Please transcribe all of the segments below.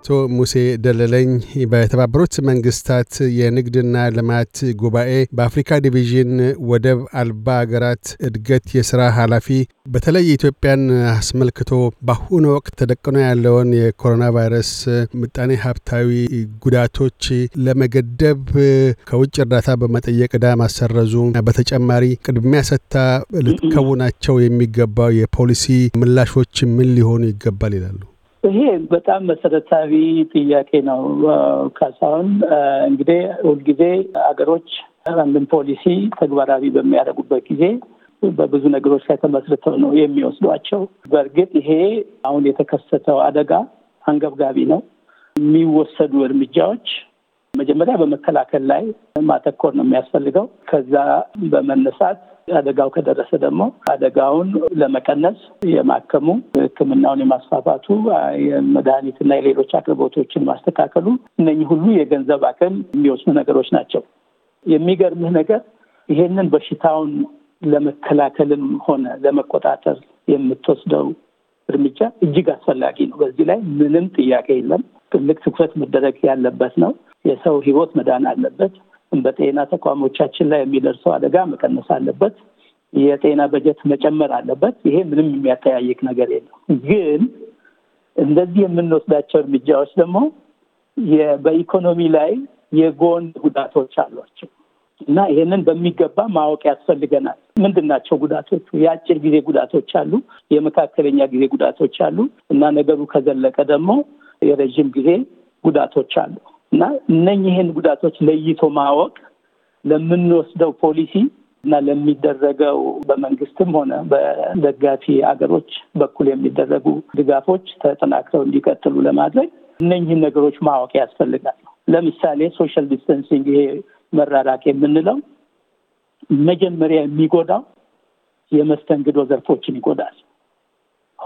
አቶ ሙሴ ደለለኝ በተባበሩት መንግስታት የንግድና ልማት ጉባኤ በአፍሪካ ዲቪዥን ወደብ አልባ አገራት እድገት የሥራ ኃላፊ፣ በተለይ ኢትዮጵያን አስመልክቶ በአሁኑ ወቅት ተደቅኖ ያለውን የኮሮና ቫይረስ ምጣኔ ሀብታዊ ጉዳቶች ለመገደብ ከውጭ እርዳታ በመጠየቅ ዕዳ ማሰረዙ፣ በተጨማሪ ቅድሚያ ሰጥታ ልትከውናቸው የሚገባው የፖሊሲ ምላሾች ምን ሊሆኑ ይገባል ይላሉ? ይሄ በጣም መሰረታዊ ጥያቄ ነው ካሳሁን። እንግዲህ ሁልጊዜ አገሮች አንድን ፖሊሲ ተግባራዊ በሚያደርጉበት ጊዜ በብዙ ነገሮች ላይ ተመስርተው ነው የሚወስዷቸው። በእርግጥ ይሄ አሁን የተከሰተው አደጋ አንገብጋቢ ነው። የሚወሰዱ እርምጃዎች መጀመሪያ በመከላከል ላይ ማተኮር ነው የሚያስፈልገው። ከዛ በመነሳት አደጋው ከደረሰ ደግሞ አደጋውን ለመቀነስ የማከሙ ሕክምናውን የማስፋፋቱ የመድኃኒትና የሌሎች አቅርቦቶችን ማስተካከሉ እነኚህ ሁሉ የገንዘብ አቅም የሚወስኑ ነገሮች ናቸው። የሚገርምህ ነገር ይሄንን በሽታውን ለመከላከልም ሆነ ለመቆጣጠር የምትወስደው እርምጃ እጅግ አስፈላጊ ነው። በዚህ ላይ ምንም ጥያቄ የለም። ትልቅ ትኩረት መደረግ ያለበት ነው። የሰው ህይወት መዳን አለበት። በጤና ተቋሞቻችን ላይ የሚደርሰው አደጋ መቀነስ አለበት። የጤና በጀት መጨመር አለበት። ይሄ ምንም የሚያጠያይቅ ነገር የለም። ግን እንደዚህ የምንወስዳቸው እርምጃዎች ደግሞ በኢኮኖሚ ላይ የጎን ጉዳቶች አሏቸው እና ይሄንን በሚገባ ማወቅ ያስፈልገናል። ምንድን ናቸው ጉዳቶቹ? የአጭር ጊዜ ጉዳቶች አሉ፣ የመካከለኛ ጊዜ ጉዳቶች አሉ እና ነገሩ ከዘለቀ ደግሞ የረዥም ጊዜ ጉዳቶች አሉ። እና እነኝህን ጉዳቶች ለይቶ ማወቅ ለምንወስደው ፖሊሲ እና ለሚደረገው በመንግስትም ሆነ በደጋፊ አገሮች በኩል የሚደረጉ ድጋፎች ተጠናክረው እንዲቀጥሉ ለማድረግ እነኝህን ነገሮች ማወቅ ያስፈልጋል። ለምሳሌ ሶሻል ዲስተንሲንግ፣ ይሄ መራራቅ የምንለው መጀመሪያ የሚጎዳው የመስተንግዶ ዘርፎችን ይጎዳል።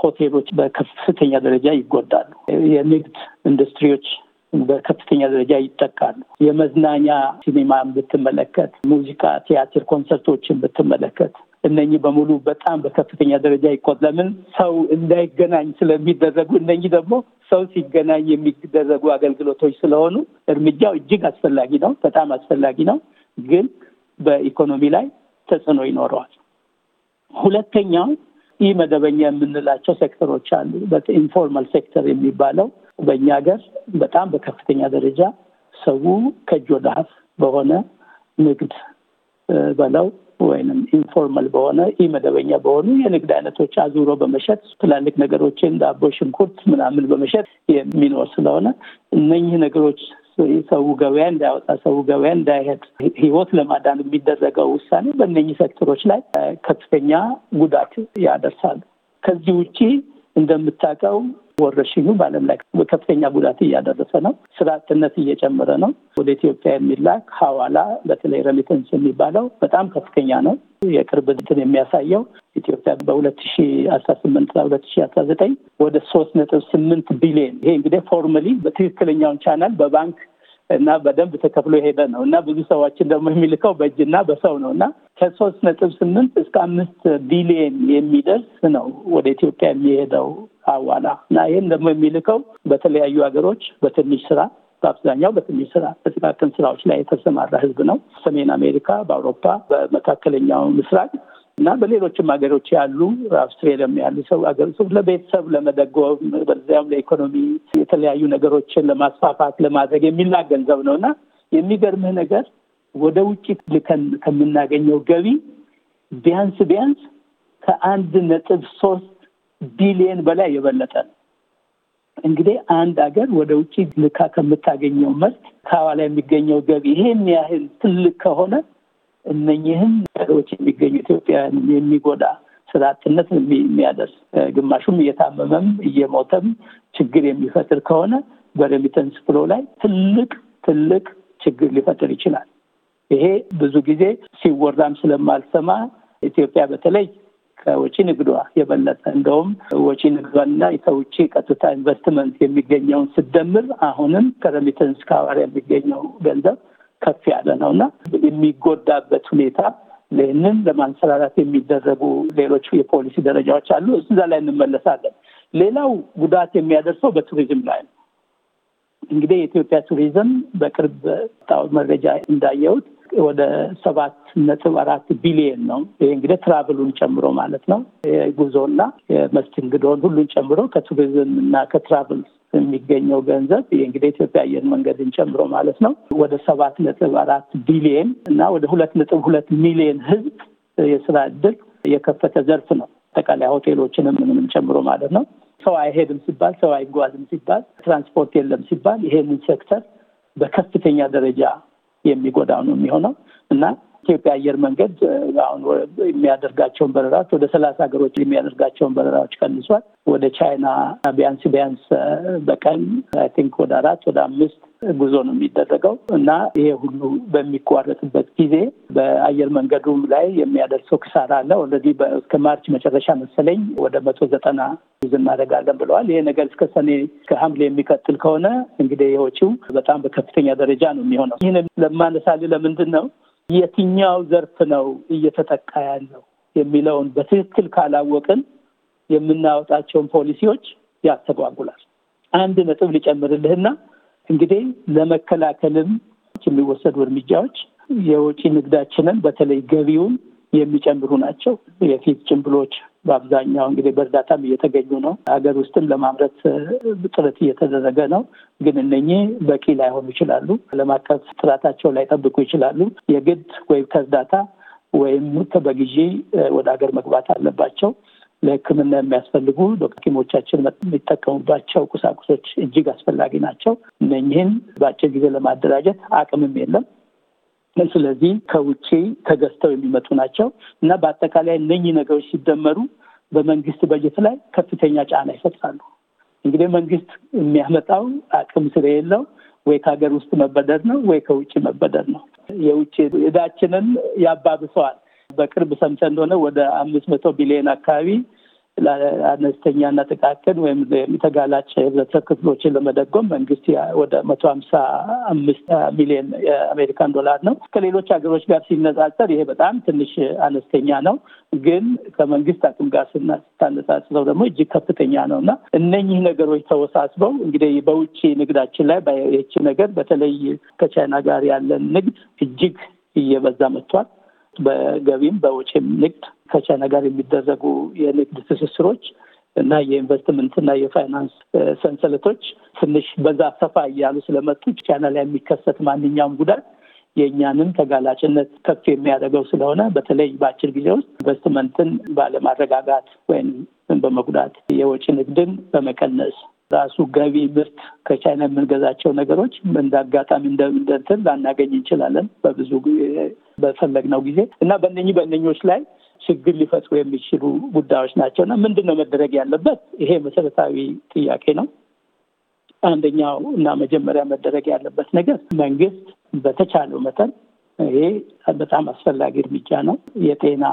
ሆቴሎች በከፍተኛ ደረጃ ይጎዳሉ። የንግድ ኢንዱስትሪዎች በከፍተኛ ደረጃ ይጠቃሉ። የመዝናኛ ሲኒማን ብትመለከት፣ ሙዚቃ፣ ቲያትር፣ ኮንሰርቶችን ብትመለከት እነኚህ በሙሉ በጣም በከፍተኛ ደረጃ ይቆጥ ለምን ሰው እንዳይገናኝ ስለሚደረጉ እነኚህ ደግሞ ሰው ሲገናኝ የሚደረጉ አገልግሎቶች ስለሆኑ እርምጃው እጅግ አስፈላጊ ነው፣ በጣም አስፈላጊ ነው። ግን በኢኮኖሚ ላይ ተጽዕኖ ይኖረዋል። ሁለተኛው ኢ መደበኛ የምንላቸው ሴክተሮች አሉ። ኢንፎርማል ሴክተር የሚባለው በእኛ ሀገር በጣም በከፍተኛ ደረጃ ሰው ከእጅ ወደ አፍ በሆነ ንግድ በለው ወይንም ኢንፎርማል በሆነ ኢመደበኛ በሆኑ የንግድ አይነቶች አዙሮ በመሸጥ ትላልቅ ነገሮችን ዳቦ፣ ሽንኩርት ምናምን በመሸጥ የሚኖር ስለሆነ እነኚህ ነገሮች ሰው ገበያ እንዳያወጣ ሰው ገበያ እንዳይሄድ ህይወት ለማዳን የሚደረገው ውሳኔ በእነኚህ ሴክተሮች ላይ ከፍተኛ ጉዳት ያደርሳሉ። ከዚህ ውጪ እንደምታውቀው ወረርሽኙ በዓለም ላይ ከፍተኛ ጉዳት እያደረሰ ነው። ስራ አጥነት እየጨመረ ነው። ወደ ኢትዮጵያ የሚላክ ሀዋላ በተለይ ረሚተንስ የሚባለው በጣም ከፍተኛ ነው። የቅርብ እንትን የሚያሳየው ኢትዮጵያ በሁለት ሺ አስራ ስምንት ሁለት ሺ አስራ ዘጠኝ ወደ ሶስት ነጥብ ስምንት ቢሊዮን ይሄ እንግዲህ ፎርማሊ በትክክለኛውን ቻናል በባንክ እና በደንብ ተከፍሎ የሄደ ነው እና ብዙ ሰዎችን ደግሞ የሚልከው በእጅና በሰው ነው እና ከሶስት ነጥብ ስምንት እስከ አምስት ቢሊየን የሚደርስ ነው ወደ ኢትዮጵያ የሚሄደው አዋላ እና ይህን ደግሞ የሚልከው በተለያዩ ሀገሮች በትንሽ ስራ በአብዛኛው በትንሽ ስራ በጥቃቅን ስራዎች ላይ የተሰማራ ህዝብ ነው። ሰሜን አሜሪካ፣ በአውሮፓ፣ በመካከለኛው ምስራቅ እና በሌሎችም ሀገሮች ያሉ አውስትሬሊያም ያሉ ሰው ሀገር ለቤተሰብ ለመደጎም በዚያም ለኢኮኖሚ የተለያዩ ነገሮችን ለማስፋፋት ለማድረግ የሚላክ ገንዘብ ነው እና የሚገርምህ ነገር ወደ ውጭ ልከን ከምናገኘው ገቢ ቢያንስ ቢያንስ ከአንድ ነጥብ ሶስት ቢሊየን በላይ የበለጠ ነው። እንግዲህ አንድ ሀገር ወደ ውጭ ልካ ከምታገኘው ምርት ከኋላ የሚገኘው ገቢ ይሄን ያህል ትልቅ ከሆነ እነኝህም ሀገሮች የሚገኙ ኢትዮጵያውያን የሚጎዳ ስራ የሚያደርስ ግማሹም እየታመመም እየሞተም ችግር የሚፈጥር ከሆነ በሬሚተንስ ፍሎ ላይ ትልቅ ትልቅ ችግር ሊፈጥር ይችላል። ይሄ ብዙ ጊዜ ሲወራም ስለማልሰማ ኢትዮጵያ በተለይ ከውጭ ንግዷ የበለጠ እንደውም ወጪ ንግዷና ከውጭ ቀጥታ ኢንቨስትመንት የሚገኘውን ስደምር አሁንም ከረሚተንስ ከሐዋሪያ የሚገኘው ገንዘብ ከፍ ያለ ነው እና የሚጎዳበት ሁኔታ ይህንን ለማንሰራራት የሚደረጉ ሌሎች የፖሊሲ ደረጃዎች አሉ። እዛ ላይ እንመለሳለን። ሌላው ጉዳት የሚያደርሰው በቱሪዝም ላይ ነው። እንግዲህ የኢትዮጵያ ቱሪዝም በቅርብ ጣው መረጃ እንዳየሁት ወደ ሰባት ነጥብ አራት ቢሊየን ነው። ይህ እንግዲህ ትራቭሉን ጨምሮ ማለት ነው። የጉዞና የመስተንግዶን ሁሉን ጨምሮ ከቱሪዝም እና ከትራቭል የሚገኘው ገንዘብ ይህ እንግዲህ ኢትዮጵያ አየር መንገድን ጨምሮ ማለት ነው ወደ ሰባት ነጥብ አራት ቢሊየን እና ወደ ሁለት ነጥብ ሁለት ሚሊየን ህዝብ የስራ እድል የከፈተ ዘርፍ ነው። አጠቃላይ ሆቴሎችንም ምንም ጨምሮ ማለት ነው። ሰው አይሄድም ሲባል፣ ሰው አይጓዝም ሲባል፣ ትራንስፖርት የለም ሲባል ይሄንን ሴክተር በከፍተኛ ደረጃ የሚጎዳው ነው የሚሆነው እና ኢትዮጵያ አየር መንገድ አሁን የሚያደርጋቸውን በረራዎች ወደ ሰላሳ ሀገሮች የሚያደርጋቸውን በረራዎች ቀንሷል። ወደ ቻይና ቢያንስ ቢያንስ በቀን አይ ቲንክ ወደ አራት ወደ አምስት ጉዞ ነው የሚደረገው እና ይሄ ሁሉ በሚቋረጥበት ጊዜ በአየር መንገዱም ላይ የሚያደርሰው ክሳራ አለ። ኦልሬዲ እስከ ማርች መጨረሻ መሰለኝ ወደ መቶ ዘጠና ጉዞ እናደርጋለን ብለዋል። ይሄ ነገር እስከ ሰኔ እስከ ሐምሌ የሚቀጥል ከሆነ እንግዲህ ይኸዎቹ በጣም በከፍተኛ ደረጃ ነው የሚሆነው። ይህን ለማነሳልህ ለምንድን ነው የትኛው ዘርፍ ነው እየተጠቃ ያለው የሚለውን በትክክል ካላወቅን የምናወጣቸውን ፖሊሲዎች ያስተጓጉላል። አንድ ነጥብ ሊጨምርልህና እንግዲህ ለመከላከልም የሚወሰዱ እርምጃዎች የውጪ ንግዳችንን በተለይ ገቢውን የሚጨምሩ ናቸው። የፊት ጭንብሎች በአብዛኛው እንግዲህ በእርዳታም እየተገኙ ነው። ሀገር ውስጥም ለማምረት ጥረት እየተደረገ ነው። ግን እነኚህ በቂ ላይሆኑ ይችላሉ። ዓለም አቀፍ ጥራታቸው ላይጠብቁ ይችላሉ። የግድ ወይም ከእርዳታ ወይም በግዢ ወደ ሀገር መግባት አለባቸው። ለሕክምና የሚያስፈልጉ ሐኪሞቻችን የሚጠቀሙባቸው ቁሳቁሶች እጅግ አስፈላጊ ናቸው። እነኚህን በአጭር ጊዜ ለማደራጀት አቅምም የለም። ስለዚህ ከውጭ ተገዝተው የሚመጡ ናቸው እና በአጠቃላይ እነኚህ ነገሮች ሲደመሩ በመንግስት በጀት ላይ ከፍተኛ ጫና ይፈጥራሉ። እንግዲህ መንግስት የሚያመጣው አቅም ስለሌለው ወይ ከሀገር ውስጥ መበደር ነው ወይ ከውጭ መበደር ነው። የውጭ እዳችንን ያባብሰዋል። በቅርብ ሰምተ እንደሆነ ወደ አምስት መቶ ቢሊዮን አካባቢ ለአነስተኛና ጥቃቅን ወይም ተጋላጭ የህብረተሰብ ክፍሎችን ለመደጎም መንግስት ወደ መቶ ሀምሳ አምስት ሚሊዮን የአሜሪካን ዶላር ነው። ከሌሎች ሀገሮች ጋር ሲነጻጸር ይሄ በጣም ትንሽ አነስተኛ ነው፣ ግን ከመንግስት አቅም ጋር ስታነጻጽረው ደግሞ እጅግ ከፍተኛ ነው እና እነኚህ ነገሮች ተወሳስበው እንግዲህ በውጭ ንግዳችን ላይ ይቺ ነገር በተለይ ከቻይና ጋር ያለን ንግድ እጅግ እየበዛ መጥቷል። በገቢም በውጪም ንግድ ከቻይና ጋር የሚደረጉ የንግድ ትስስሮች እና የኢንቨስትመንት እና የፋይናንስ ሰንሰለቶች ትንሽ በዛ ሰፋ እያሉ ስለመጡ ቻይና ላይ የሚከሰት ማንኛውም ጉዳት የእኛንም ተጋላጭነት ከፍ የሚያደርገው ስለሆነ በተለይ በአጭር ጊዜ ውስጥ ኢንቨስትመንትን ባለማረጋጋት ወይም በመጉዳት የወጪ ንግድን በመቀነስ ራሱ ገቢ ምርት ከቻይና የምንገዛቸው ነገሮች እንደ አጋጣሚ እንደምንደንትን ላናገኝ እንችላለን በብዙ በፈለግነው ጊዜ እና በእነኚህ በእነኞች ላይ ችግር ሊፈጥሩ የሚችሉ ጉዳዮች ናቸው እና ምንድን ነው መደረግ ያለበት? ይሄ መሰረታዊ ጥያቄ ነው። አንደኛው እና መጀመሪያ መደረግ ያለበት ነገር መንግስት በተቻለው መጠን ይሄ በጣም አስፈላጊ እርምጃ ነው። የጤና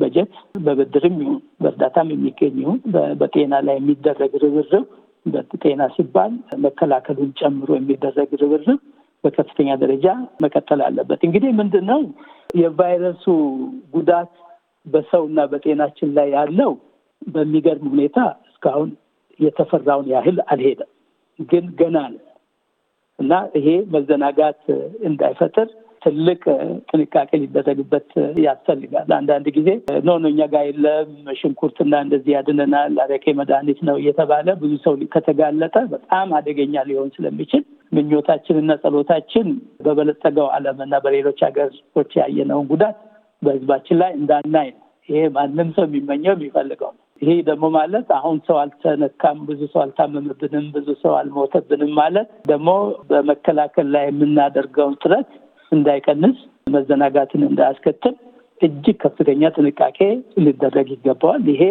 በጀት በብድርም ይሁን በእርዳታም የሚገኝ ይሁን በጤና ላይ የሚደረግ ርብርብ በጤና ሲባል መከላከሉን ጨምሮ የሚደረግ ርብርብ በከፍተኛ ደረጃ መቀጠል አለበት። እንግዲህ ምንድን ነው የቫይረሱ ጉዳት በሰውና በጤናችን ላይ ያለው በሚገርም ሁኔታ እስካሁን የተፈራውን ያህል አልሄደም፣ ግን ገና ነው እና ይሄ መዘናጋት እንዳይፈጥር ትልቅ ጥንቃቄ ሊደረግበት ያስፈልጋል። አንዳንድ ጊዜ ኖኖኛ እኛ ጋር የለም ሽንኩርትና እንደዚህ ያድነናል፣ አረቄ መድኃኒት ነው እየተባለ ብዙ ሰው ከተጋለጠ በጣም አደገኛ ሊሆን ስለሚችል ምኞታችንና ጸሎታችን በበለጸገው እና በሌሎች ሀገሮች ያየነውን ጉዳት በህዝባችን ላይ እንዳናይ ነው። ይሄ ማንም ሰው የሚመኘው የሚፈልገው ነው። ይሄ ደግሞ ማለት አሁን ሰው አልተነካም፣ ብዙ ሰው አልታመምብንም፣ ብዙ ሰው አልሞተብንም ማለት ደግሞ በመከላከል ላይ የምናደርገውን ጥረት እንዳይቀንስ፣ መዘናጋትን እንዳያስከትል እጅግ ከፍተኛ ጥንቃቄ ሊደረግ ይገባዋል። ይሄ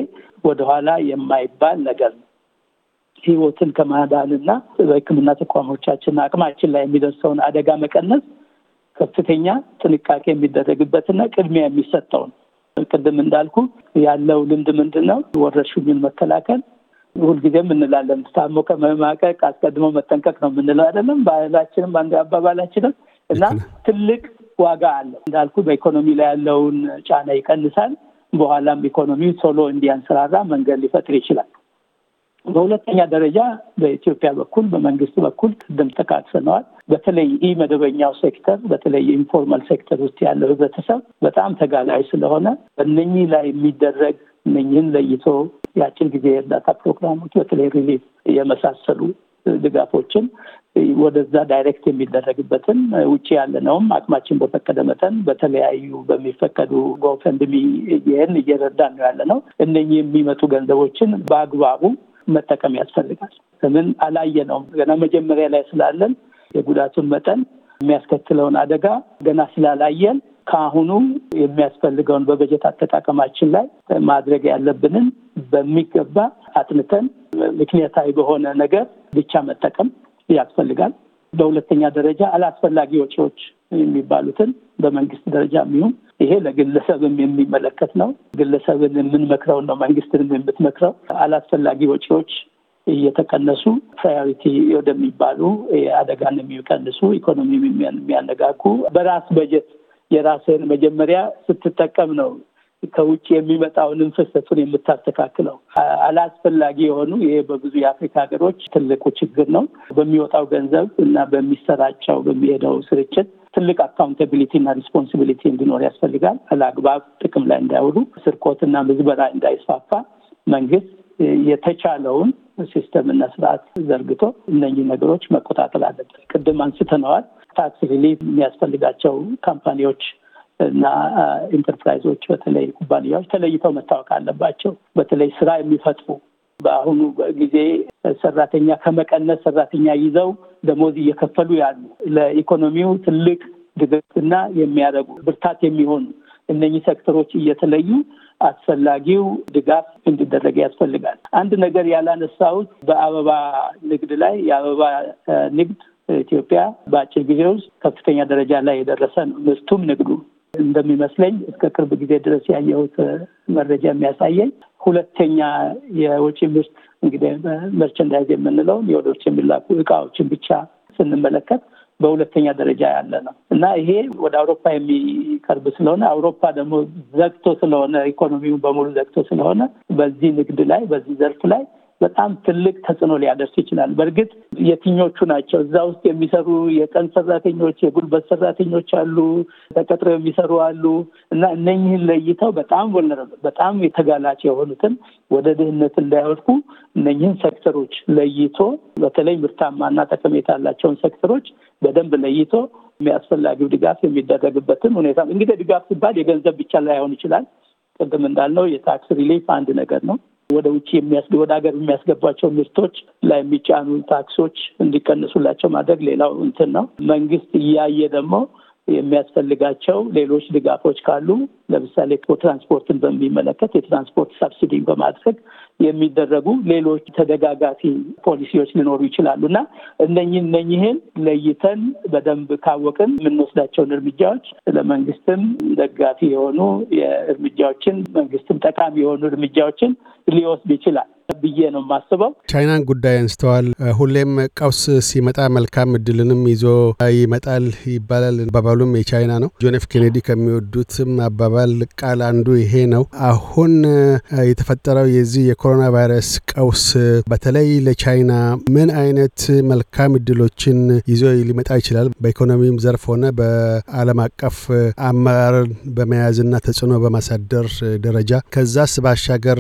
ወደኋላ የማይባል ነገር ነው። ህይወትን ከማዳንና በህክምና ተቋሞቻችን አቅማችን ላይ የሚደርሰውን አደጋ መቀነስ ከፍተኛ ጥንቃቄ የሚደረግበትና ቅድሚያ የሚሰጠው ቅድም እንዳልኩ ያለው ልምድ ምንድን ነው? ወረርሽኙን መከላከል ሁልጊዜም እንላለን። ታሞ ከመማቀቅ አስቀድሞ መጠንቀቅ ነው የምንለው አይደለም? ባህላችንም አንዱ አባባላችንም እና ትልቅ ዋጋ አለው እንዳልኩ በኢኮኖሚ ላይ ያለውን ጫና ይቀንሳል። በኋላም ኢኮኖሚው ቶሎ እንዲያንሰራራ መንገድ ሊፈጥር ይችላል። በሁለተኛ ደረጃ በኢትዮጵያ በኩል በመንግስት በኩል ቅድም ጠቃቅሰነዋል። በተለይ ኢ መደበኛው ሴክተር በተለይ የኢንፎርማል ሴክተር ውስጥ ያለው ህብረተሰብ በጣም ተጋላይ ስለሆነ በእነኚህ ላይ የሚደረግ እነኚህን ለይቶ የአጭር ጊዜ የእርዳታ ፕሮግራሞች በተለይ ሪሊፍ የመሳሰሉ ድጋፎችን ወደዛ ዳይሬክት የሚደረግበትን ውጭ ያለነውም አቅማችን በፈቀደ መጠን በተለያዩ በሚፈቀዱ ጎፈንድሚ ይህን እየረዳን ነው ያለ ነው። እነኚህ የሚመጡ ገንዘቦችን በአግባቡ መጠቀም ያስፈልጋል። ምን አላየነውም። ገና መጀመሪያ ላይ ስላለን የጉዳቱን መጠን የሚያስከትለውን አደጋ ገና ስላላየን ከአሁኑ የሚያስፈልገውን በበጀት አጠቃቀማችን ላይ ማድረግ ያለብንን በሚገባ አጥንተን ምክንያታዊ በሆነ ነገር ብቻ መጠቀም ያስፈልጋል። በሁለተኛ ደረጃ አላስፈላጊ ወጪዎች የሚባሉትን በመንግስት ደረጃ የሚሆን ይሄ ለግለሰብም የሚመለከት ነው። ግለሰብን የምንመክረው ነው መንግስትንም የምትመክረው አላስፈላጊ ወጪዎች እየተቀነሱ ፕራዮሪቲ ወደሚባሉ አደጋን የሚቀንሱ ኢኮኖሚ የሚያነጋጉ በራስ በጀት የራስህን መጀመሪያ ስትጠቀም ነው ከውጭ የሚመጣውንም ፍሰቱን የምታስተካክለው። አላስፈላጊ የሆኑ ይሄ በብዙ የአፍሪካ ሀገሮች ትልቁ ችግር ነው። በሚወጣው ገንዘብ እና በሚሰራጨው በሚሄደው ስርጭት ትልቅ አካውንታቢሊቲ እና ሪስፖንሲቢሊቲ እንዲኖር ያስፈልጋል። አለአግባብ ጥቅም ላይ እንዳይውሉ፣ ስርቆትና ምዝበራ እንዳይስፋፋ መንግስት የተቻለውን ሲስተምና ስርዓት ዘርግቶ እነኚህ ነገሮች መቆጣጠር አለበት። ቅድም አንስተነዋል። ታክስ ሪሊፍ የሚያስፈልጋቸው ካምፓኒዎች እና ኢንተርፕራይዞች በተለይ ኩባንያዎች ተለይተው መታወቅ አለባቸው። በተለይ ስራ የሚፈጥሩ በአሁኑ ጊዜ ሰራተኛ ከመቀነስ ሰራተኛ ይዘው ደሞዝ እየከፈሉ ያሉ ለኢኮኖሚው ትልቅ ድጋፍና የሚያደርጉ ብርታት የሚሆኑ እነኚህ ሴክተሮች እየተለዩ አስፈላጊው ድጋፍ እንዲደረግ ያስፈልጋል። አንድ ነገር ያላነሳሁት በአበባ ንግድ ላይ የአበባ ንግድ ኢትዮጵያ በአጭር ጊዜ ውስጥ ከፍተኛ ደረጃ ላይ የደረሰ ነው። ምርቱም ንግዱ እንደሚመስለኝ እስከ ቅርብ ጊዜ ድረስ ያየሁት መረጃ የሚያሳየኝ ሁለተኛ የውጭ ምርት እንግዲህ መርቸንዳይዝ የምንለውን የወደ ውጭ የሚላኩ እቃዎችን ብቻ ስንመለከት በሁለተኛ ደረጃ ያለ ነው እና ይሄ ወደ አውሮፓ የሚቀርብ ስለሆነ አውሮፓ ደግሞ ዘግቶ ስለሆነ ኢኮኖሚው በሙሉ ዘግቶ ስለሆነ በዚህ ንግድ ላይ በዚህ ዘርፍ ላይ በጣም ትልቅ ተጽዕኖ ሊያደርስ ይችላል። በእርግጥ የትኞቹ ናቸው እዛ ውስጥ የሚሰሩ የቀን ሰራተኞች፣ የጉልበት ሰራተኞች አሉ፣ ተቀጥረው የሚሰሩ አሉ እና እነኝህን ለይተው በጣም በጣም የተጋላጭ የሆኑትን ወደ ድህነት እንዳይወድቁ እነኝህን ሴክተሮች ለይቶ በተለይ ምርታማና ጠቀሜታ ያላቸውን ሴክተሮች በደንብ ለይቶ የሚያስፈላጊው ድጋፍ የሚደረግበትን ሁኔታ እንግዲህ ድጋፍ ሲባል የገንዘብ ብቻ ላይሆን ይችላል። ቅድም እንዳልነው የታክስ ሪሊፍ አንድ ነገር ነው። ወደ ውጭ የሚያስገ ወደ ሀገር የሚያስገባቸው ምርቶች ላይ የሚጫኑ ታክሶች እንዲቀንሱላቸው ማድረግ ሌላው እንትን ነው። መንግስት እያየ ደግሞ የሚያስፈልጋቸው ሌሎች ድጋፎች ካሉ ለምሳሌ ትራንስፖርትን በሚመለከት የትራንስፖርት ሰብሲዲን በማድረግ የሚደረጉ ሌሎች ተደጋጋፊ ፖሊሲዎች ሊኖሩ ይችላሉ እና እነኝህ እነኝህን ለይተን በደንብ ካወቅን የምንወስዳቸውን እርምጃዎች ለመንግስትም ደጋፊ የሆኑ የእርምጃዎችን መንግስትም ጠቃሚ የሆኑ እርምጃዎችን ሊወስድ ይችላል። ብዬ ነው የማስበው። ቻይናን ጉዳይ አንስተዋል። ሁሌም ቀውስ ሲመጣ መልካም እድልንም ይዞ ይመጣል ይባላል። አባባሉም የቻይና ነው። ጆን ኤፍ ኬኔዲ ከሚወዱትም አባባል ቃል አንዱ ይሄ ነው። አሁን የተፈጠረው የዚህ የኮሮና ቫይረስ ቀውስ በተለይ ለቻይና ምን አይነት መልካም እድሎችን ይዞ ሊመጣ ይችላል? በኢኮኖሚም ዘርፍ ሆነ በዓለም አቀፍ አመራር በመያዝና ተጽዕኖ በማሳደር ደረጃ ከዛስ ባሻገር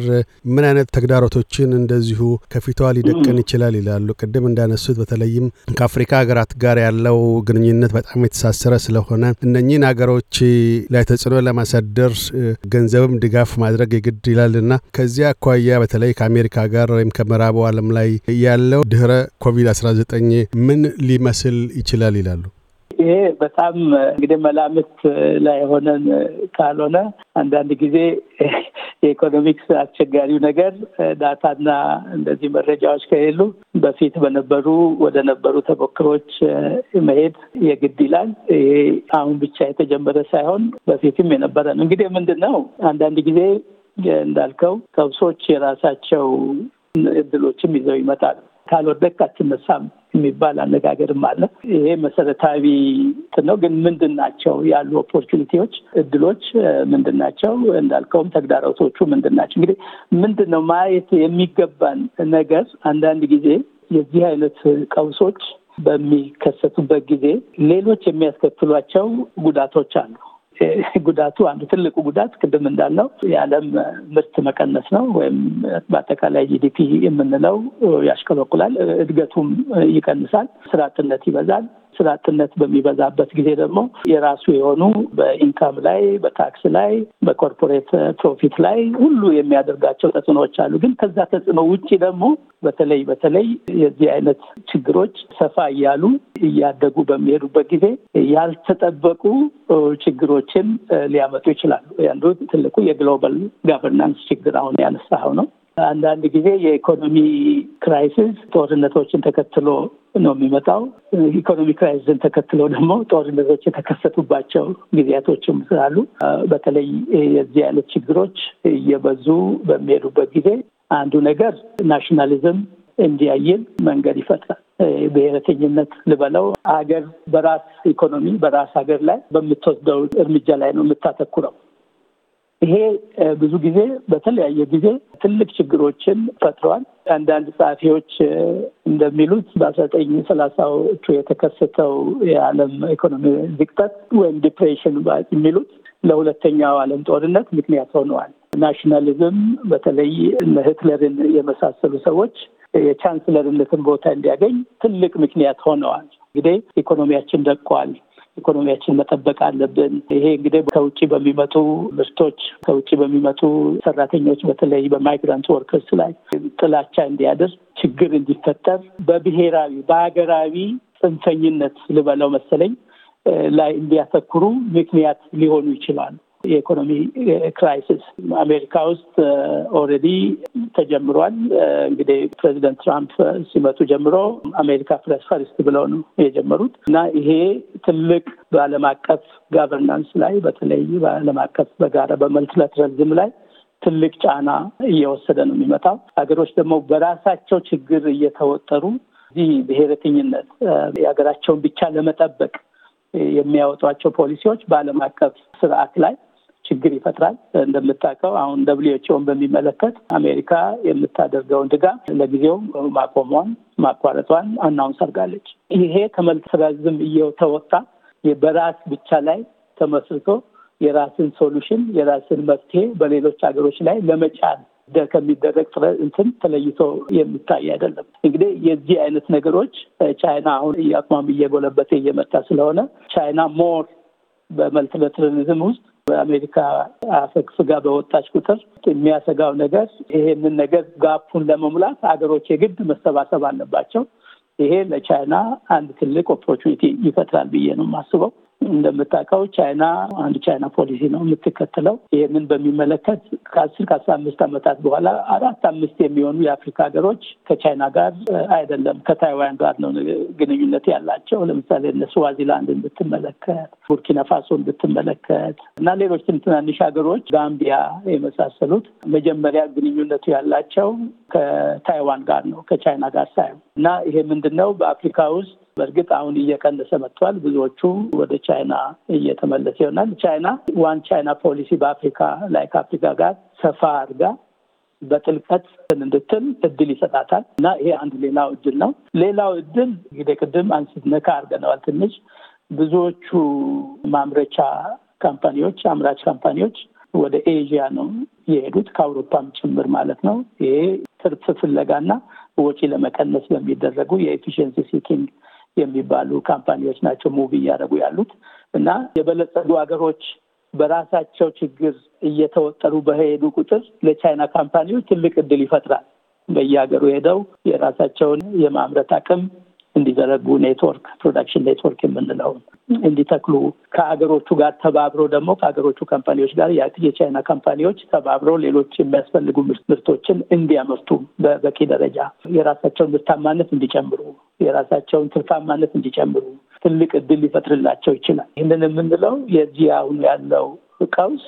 ምን አይነት ተግዳሮቶች ችግሮችን እንደዚሁ ከፊቷ ሊደቅን ይችላል ይላሉ። ቅድም እንዳነሱት በተለይም ከአፍሪካ ሀገራት ጋር ያለው ግንኙነት በጣም የተሳሰረ ስለሆነ እነኚህን ሀገሮች ላይ ተጽዕኖ ለማሳደር ገንዘብም ድጋፍ ማድረግ የግድ ይላልና ከዚያ አኳያ በተለይ ከአሜሪካ ጋር ወይም ከምዕራቡ ዓለም ላይ ያለው ድህረ ኮቪድ-19 ምን ሊመስል ይችላል ይላሉ? ይሄ በጣም እንግዲህ መላምት ላይ ሆነን ካልሆነ አንዳንድ ጊዜ የኢኮኖሚክስ አስቸጋሪው ነገር ዳታና እንደዚህ መረጃዎች ከሌሉ በፊት በነበሩ ወደ ነበሩ ተሞክሮች መሄድ የግድ ይላል። ይሄ አሁን ብቻ የተጀመረ ሳይሆን በፊትም የነበረ ነው። እንግዲህ ምንድን ነው አንዳንድ ጊዜ እንዳልከው ከብሶች የራሳቸው እድሎችም ይዘው ይመጣል። ካልወደቅ አትነሳም የሚባል አነጋገርም አለ። ይሄ መሰረታዊ ነው። ግን ምንድን ናቸው ያሉ ኦፖርቹኒቲዎች፣ እድሎች ምንድን ናቸው? እንዳልከውም ተግዳሮቶቹ ምንድን ናቸው? እንግዲህ ምንድን ነው ማየት የሚገባን ነገር አንዳንድ ጊዜ የዚህ አይነት ቀውሶች በሚከሰቱበት ጊዜ ሌሎች የሚያስከትሏቸው ጉዳቶች አሉ። ጉዳቱ አንዱ ትልቁ ጉዳት ቅድም እንዳለው የዓለም ምርት መቀነስ ነው፣ ወይም በአጠቃላይ ጂዲፒ የምንለው ያሽቆለቁላል፣ እድገቱም ይቀንሳል፣ ስራ አጥነት ይበዛል፣ ስራ አጥነት በሚበዛበት ጊዜ ደግሞ የራሱ የሆኑ በኢንካም ላይ፣ በታክስ ላይ፣ በኮርፖሬት ፕሮፊት ላይ ሁሉ የሚያደርጋቸው ተጽዕኖዎች አሉ። ግን ከዛ ተጽዕኖ ውጭ ደግሞ በተለይ በተለይ የዚህ አይነት ችግሮች ሰፋ እያሉ እያደጉ በሚሄዱበት ጊዜ ያልተጠበቁ ችግሮችን ሊያመጡ ይችላሉ። ያንዱ ትልቁ የግሎባል ጋቨርናንስ ችግር አሁን ያነሳኸው ነው። አንዳንድ ጊዜ የኢኮኖሚ ክራይሲስ ጦርነቶችን ተከትሎ ነው የሚመጣው። ኢኮኖሚ ክራይሲስን ተከትሎ ደግሞ ጦርነቶች የተከሰቱባቸው ጊዜያቶችም ስላሉ በተለይ የዚህ አይነት ችግሮች እየበዙ በሚሄዱበት ጊዜ አንዱ ነገር ናሽናሊዝም እንዲያይል መንገድ ይፈጥራል። ብሔረተኝነት ልበለው ሀገር በራስ ኢኮኖሚ በራስ ሀገር ላይ በምትወስደው እርምጃ ላይ ነው የምታተኩረው። ይሄ ብዙ ጊዜ በተለያየ ጊዜ ትልቅ ችግሮችን ፈጥሯል። አንዳንድ ጸሐፊዎች እንደሚሉት በአስራ ዘጠኝ ሰላሳዎቹ የተከሰተው የዓለም ኢኮኖሚ ዝቅጠት ወይም ዲፕሬሽን የሚሉት ለሁለተኛው ዓለም ጦርነት ምክንያት ሆነዋል። ናሽናሊዝም በተለይ ሂትለርን የመሳሰሉ ሰዎች የቻንስለርነትን ቦታ እንዲያገኝ ትልቅ ምክንያት ሆነዋል። እንግዲህ ኢኮኖሚያችን ደቋል ኢኮኖሚያችን መጠበቅ አለብን። ይሄ እንግዲህ ከውጭ በሚመጡ ምርቶች ከውጭ በሚመጡ ሰራተኞች በተለይ በማይግራንት ወርከርስ ላይ ጥላቻ እንዲያደር ችግር እንዲፈጠር በብሔራዊ በሀገራዊ ጽንፈኝነት ልበለው መሰለኝ ላይ እንዲያተኩሩ ምክንያት ሊሆኑ ይችላሉ። የኢኮኖሚ ክራይሲስ አሜሪካ ውስጥ ኦልሬዲ ተጀምሯል። እንግዲህ ፕሬዚደንት ትራምፕ ሲመጡ ጀምሮ አሜሪካ ፍረስፈሪስት ፈርስት ብለው ነው የጀመሩት እና ይሄ ትልቅ በዓለም አቀፍ ጋቨርናንስ ላይ በተለይ በዓለም አቀፍ በጋራ በመልቲላተራሊዝም ላይ ትልቅ ጫና እየወሰደ ነው የሚመጣው። ሀገሮች ደግሞ በራሳቸው ችግር እየተወጠሩ እዚህ ብሔረተኝነት የሀገራቸውን ብቻ ለመጠበቅ የሚያወጧቸው ፖሊሲዎች በዓለም አቀፍ ስርዓት ላይ ችግር ይፈጥራል። እንደምታውቀው አሁን ደብሊውኤችኦን በሚመለከት አሜሪካ የምታደርገውን ድጋፍ ለጊዜው ማቆሟን ማቋረጧን አናውንስ አድርጋለች። ይሄ ከመልሰራዝም እየተወጣ በራስ ብቻ ላይ ተመስርቶ የራስን ሶሉሽን የራስን መፍትሄ በሌሎች ሀገሮች ላይ ለመጫን ከሚደረግ ጥረት እንትን ተለይቶ የሚታይ አይደለም። እንግዲህ የዚህ አይነት ነገሮች ቻይና አሁን አቅሟም እየጎለበተ እየመጣ ስለሆነ ቻይና ሞር በመልቲላተራሊዝም ውስጥ በአሜሪካ አፈግፍጋ በወጣች ቁጥር የሚያሰጋው ነገር ይሄንን ነገር ጋፑን ለመሙላት ሀገሮች የግድ መሰባሰብ አለባቸው። ይሄ ለቻይና አንድ ትልቅ ኦፖርቹኒቲ ይፈጥራል ብዬ ነው የማስበው። እንደምታውቀው ቻይና አንድ ቻይና ፖሊሲ ነው የምትከተለው። ይህንን በሚመለከት ከአስር ከአስራ አምስት ዓመታት በኋላ አራት አምስት የሚሆኑ የአፍሪካ ሀገሮች ከቻይና ጋር አይደለም ከታይዋን ጋር ነው ግንኙነት ያላቸው። ለምሳሌ እነ ስዋዚላንድን ብትመለከት፣ ቡርኪና ፋሶን ብትመለከት እና ሌሎች ትንትናንሽ ሀገሮች ጋምቢያ የመሳሰሉት መጀመሪያ ግንኙነቱ ያላቸው ከታይዋን ጋር ነው ከቻይና ጋር ሳይሆን እና ይሄ ምንድን ነው በአፍሪካ ውስጥ በእርግጥ አሁን እየቀነሰ መጥቷል። ብዙዎቹ ወደ ቻይና እየተመለሰ ይሆናል። ቻይና ዋን ቻይና ፖሊሲ በአፍሪካ ላይ ከአፍሪካ ጋር ሰፋ አድርጋ በጥልቀት እንድትል እድል ይሰጣታል እና ይሄ አንድ ሌላው እድል ነው። ሌላው እድል እንግዲህ ቅድም አንስት ነካ አድርገነዋል ትንሽ ብዙዎቹ ማምረቻ ካምፓኒዎች አምራች ካምፓኒዎች ወደ ኤዥያ ነው የሄዱት ከአውሮፓም ጭምር ማለት ነው። ይሄ ትርፍ ፍለጋና ወጪ ለመቀነስ በሚደረጉ የኤፊሽንሲ ሲኪንግ የሚባሉ ካምፓኒዎች ናቸው ሙቪ እያደረጉ ያሉት እና የበለጸጉ ሀገሮች በራሳቸው ችግር እየተወጠሩ በሄዱ ቁጥር ለቻይና ካምፓኒዎች ትልቅ እድል ይፈጥራል። በየሀገሩ ሄደው የራሳቸውን የማምረት አቅም እንዲዘረጉ ኔትወርክ ፕሮዳክሽን ኔትወርክ የምንለውን እንዲተክሉ ከሀገሮቹ ጋር ተባብሮ ደግሞ ከሀገሮቹ ካምፓኒዎች ጋር የቻይና ካምፓኒዎች ተባብረው ሌሎች የሚያስፈልጉ ምርቶችን እንዲያመርቱ በበቂ ደረጃ የራሳቸውን ምርታማነት እንዲጨምሩ፣ የራሳቸውን ትርፋማነት እንዲጨምሩ ትልቅ እድል ሊፈጥርላቸው ይችላል። ይህንን የምንለው የዚህ አሁኑ ያለው ቀውስ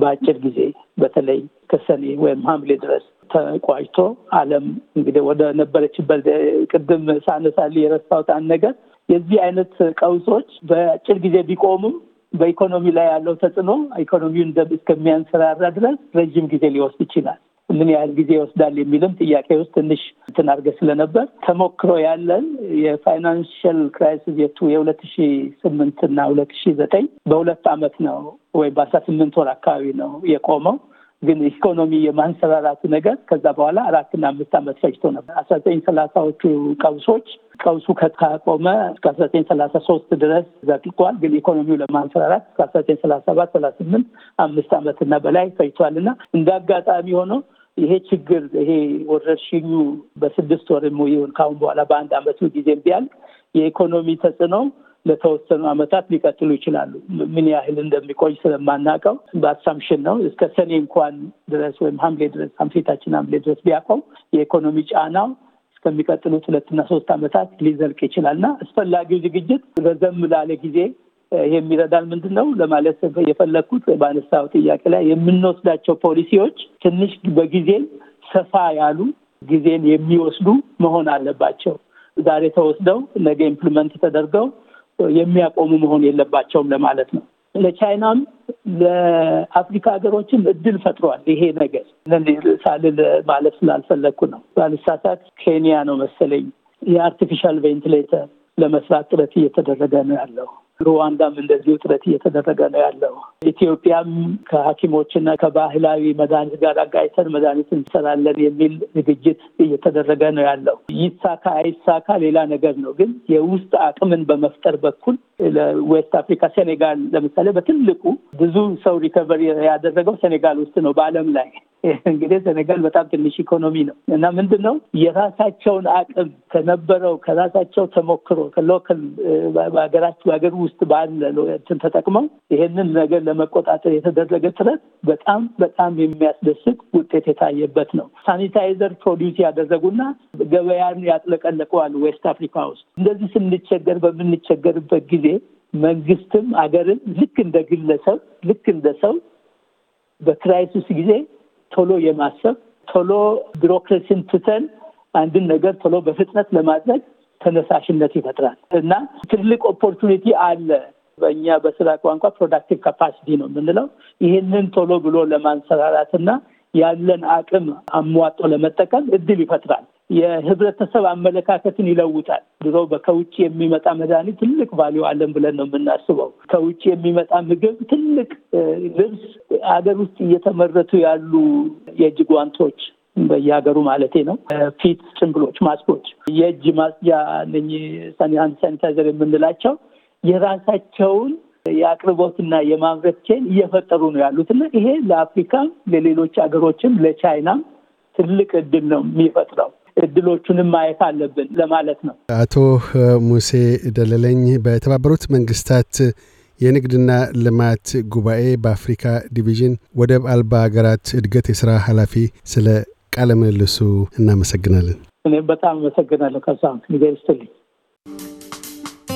በአጭር ጊዜ በተለይ ከሰኔ ወይም ሐምሌ ድረስ ተቋጭቶ ዓለም እንግዲህ ወደ ነበረችበት ቅድም ሳነሳል የረሳሁት አንድ ነገር የዚህ አይነት ቀውሶች በአጭር ጊዜ ቢቆሙም በኢኮኖሚ ላይ ያለው ተጽዕኖ ኢኮኖሚውን እስከሚያንሰራራ ድረስ ረዥም ጊዜ ሊወስድ ይችላል። ምን ያህል ጊዜ ይወስዳል የሚልም ጥያቄ ውስጥ ትንሽ ትናርገ ስለነበር ተሞክሮ ያለን የፋይናንሽል ክራይሲስ የቱ የሁለት ሺ ስምንት እና ሁለት ሺ ዘጠኝ በሁለት ዓመት ነው ወይም በአስራ ስምንት ወር አካባቢ ነው የቆመው። ግን ኢኮኖሚ የማንሰራራቱ ነገር ከዛ በኋላ አራትና አምስት ዓመት ፈጅቶ ነበር። አስራ ዘጠኝ ሰላሳዎቹ ቀውሶች ቀውሱ ከታቆመ እስከ አስራ ዘጠኝ ሰላሳ ሶስት ድረስ ዘልቋል። ግን ኢኮኖሚው ለማንሰራራት እስከ አስራ ዘጠኝ ሰላሳ ሰባት ሰላሳ ስምንት አምስት ዓመት እና በላይ ፈጅቷል እና እንደ አጋጣሚ ሆኖ ይሄ ችግር ይሄ ወረርሽኙ በስድስት ወር ይሁን ካሁን በኋላ በአንድ ዓመቱ ጊዜ ቢያልቅ የኢኮኖሚ ተጽዕኖ ለተወሰኑ ዓመታት ሊቀጥሉ ይችላሉ። ምን ያህል እንደሚቆይ ስለማናውቀው በአሳምሽን ነው። እስከ ሰኔ እንኳን ድረስ ወይም ሐምሌ ድረስ ፊታችን ሐምሌ ድረስ ቢያቆም የኢኮኖሚ ጫናው እስከሚቀጥሉት ሁለትና ሶስት አመታት ሊዘልቅ ይችላል እና አስፈላጊው ዝግጅት ረዘም ላለ ጊዜ የሚረዳል ምንድን ነው ለማለት የፈለግኩት በአነሳው ጥያቄ ላይ የምንወስዳቸው ፖሊሲዎች ትንሽ በጊዜ ሰፋ ያሉ ጊዜን የሚወስዱ መሆን አለባቸው። ዛሬ ተወስደው ነገ ኢምፕሊመንት ተደርገው የሚያቆሙ መሆን የለባቸውም ለማለት ነው። ለቻይናም ለአፍሪካ ሀገሮችም እድል ፈጥሯል። ይሄ ነገር ሳልል ማለት ስላልፈለግኩ ነው። ባልሳሳት ኬንያ ነው መሰለኝ የአርቲፊሻል ቬንቲሌተር ለመስራት ጥረት እየተደረገ ነው ያለው። ሩዋንዳም እንደዚሁ ጥረት እየተደረገ ነው ያለው። ኢትዮጵያም ከሐኪሞችና ከባህላዊ መድኃኒት ጋር አጋጭተን መድኃኒት እንሰራለን የሚል ዝግጅት እየተደረገ ነው ያለው። ይሳካ አይሳካ ሌላ ነገር ነው። ግን የውስጥ አቅምን በመፍጠር በኩል ለዌስት አፍሪካ ሴኔጋል ለምሳሌ በትልቁ ብዙ ሰው ሪከቨሪ ያደረገው ሴኔጋል ውስጥ ነው በዓለም ላይ እንግዲህ ሴኔጋል በጣም ትንሽ ኢኮኖሚ ነው እና ምንድን ነው የራሳቸውን አቅም ከነበረው ከራሳቸው ተሞክሮ ከሎከል በሀገራች በሀገር ውስጥ ባለ እንትን ተጠቅመው ይሄንን ነገር ለመቆጣጠር የተደረገ ጥረት በጣም በጣም የሚያስደስት ውጤት የታየበት ነው። ሳኒታይዘር ፕሮዲውስ ያደረጉና ገበያን ያጥለቀለቀዋል ዌስት አፍሪካ ውስጥ። እንደዚህ ስንቸገር በምንቸገርበት ጊዜ መንግስትም አገርን ልክ እንደ ግለሰብ ልክ እንደ ሰው በክራይሲስ ጊዜ ቶሎ የማሰብ ቶሎ ቢሮክራሲን ትተን አንድን ነገር ቶሎ በፍጥነት ለማድረግ ተነሳሽነት ይፈጥራል እና ትልቅ ኦፖርቹኒቲ አለ። በእኛ በስራ ቋንቋ ፕሮዳክቲቭ ካፓሲቲ ነው የምንለው። ይህንን ቶሎ ብሎ ለማንሰራራት እና ያለን አቅም አሟጦ ለመጠቀም እድል ይፈጥራል። የህብረተሰብ አመለካከትን ይለውጣል። ድሮ ከውጭ የሚመጣ መድኃኒት ትልቅ ቫሊዩ አለን ብለን ነው የምናስበው። ከውጭ የሚመጣ ምግብ፣ ትልቅ ልብስ፣ አገር ውስጥ እየተመረቱ ያሉ የእጅ ጓንቶች በየሀገሩ ማለቴ ነው። ፊት ጭንብሎች፣ ማስኮች፣ የእጅ ማጽጃ፣ ሳኒታይዘር የምንላቸው የራሳቸውን የአቅርቦትና የማምረት ቼን እየፈጠሩ ነው ያሉት እና ይሄ ለአፍሪካም ለሌሎች ሀገሮችም ለቻይናም ትልቅ እድል ነው የሚፈጥረው። እድሎቹንም ማየት አለብን ለማለት ነው። አቶ ሙሴ ደለለኝ በተባበሩት መንግስታት የንግድና ልማት ጉባኤ በአፍሪካ ዲቪዥን ወደብ አልባ ሀገራት እድገት የስራ ኃላፊ፣ ስለ ቃለ ምልልሱ እናመሰግናለን። እኔም በጣም አመሰግናለሁ። ከዛ ጊዜ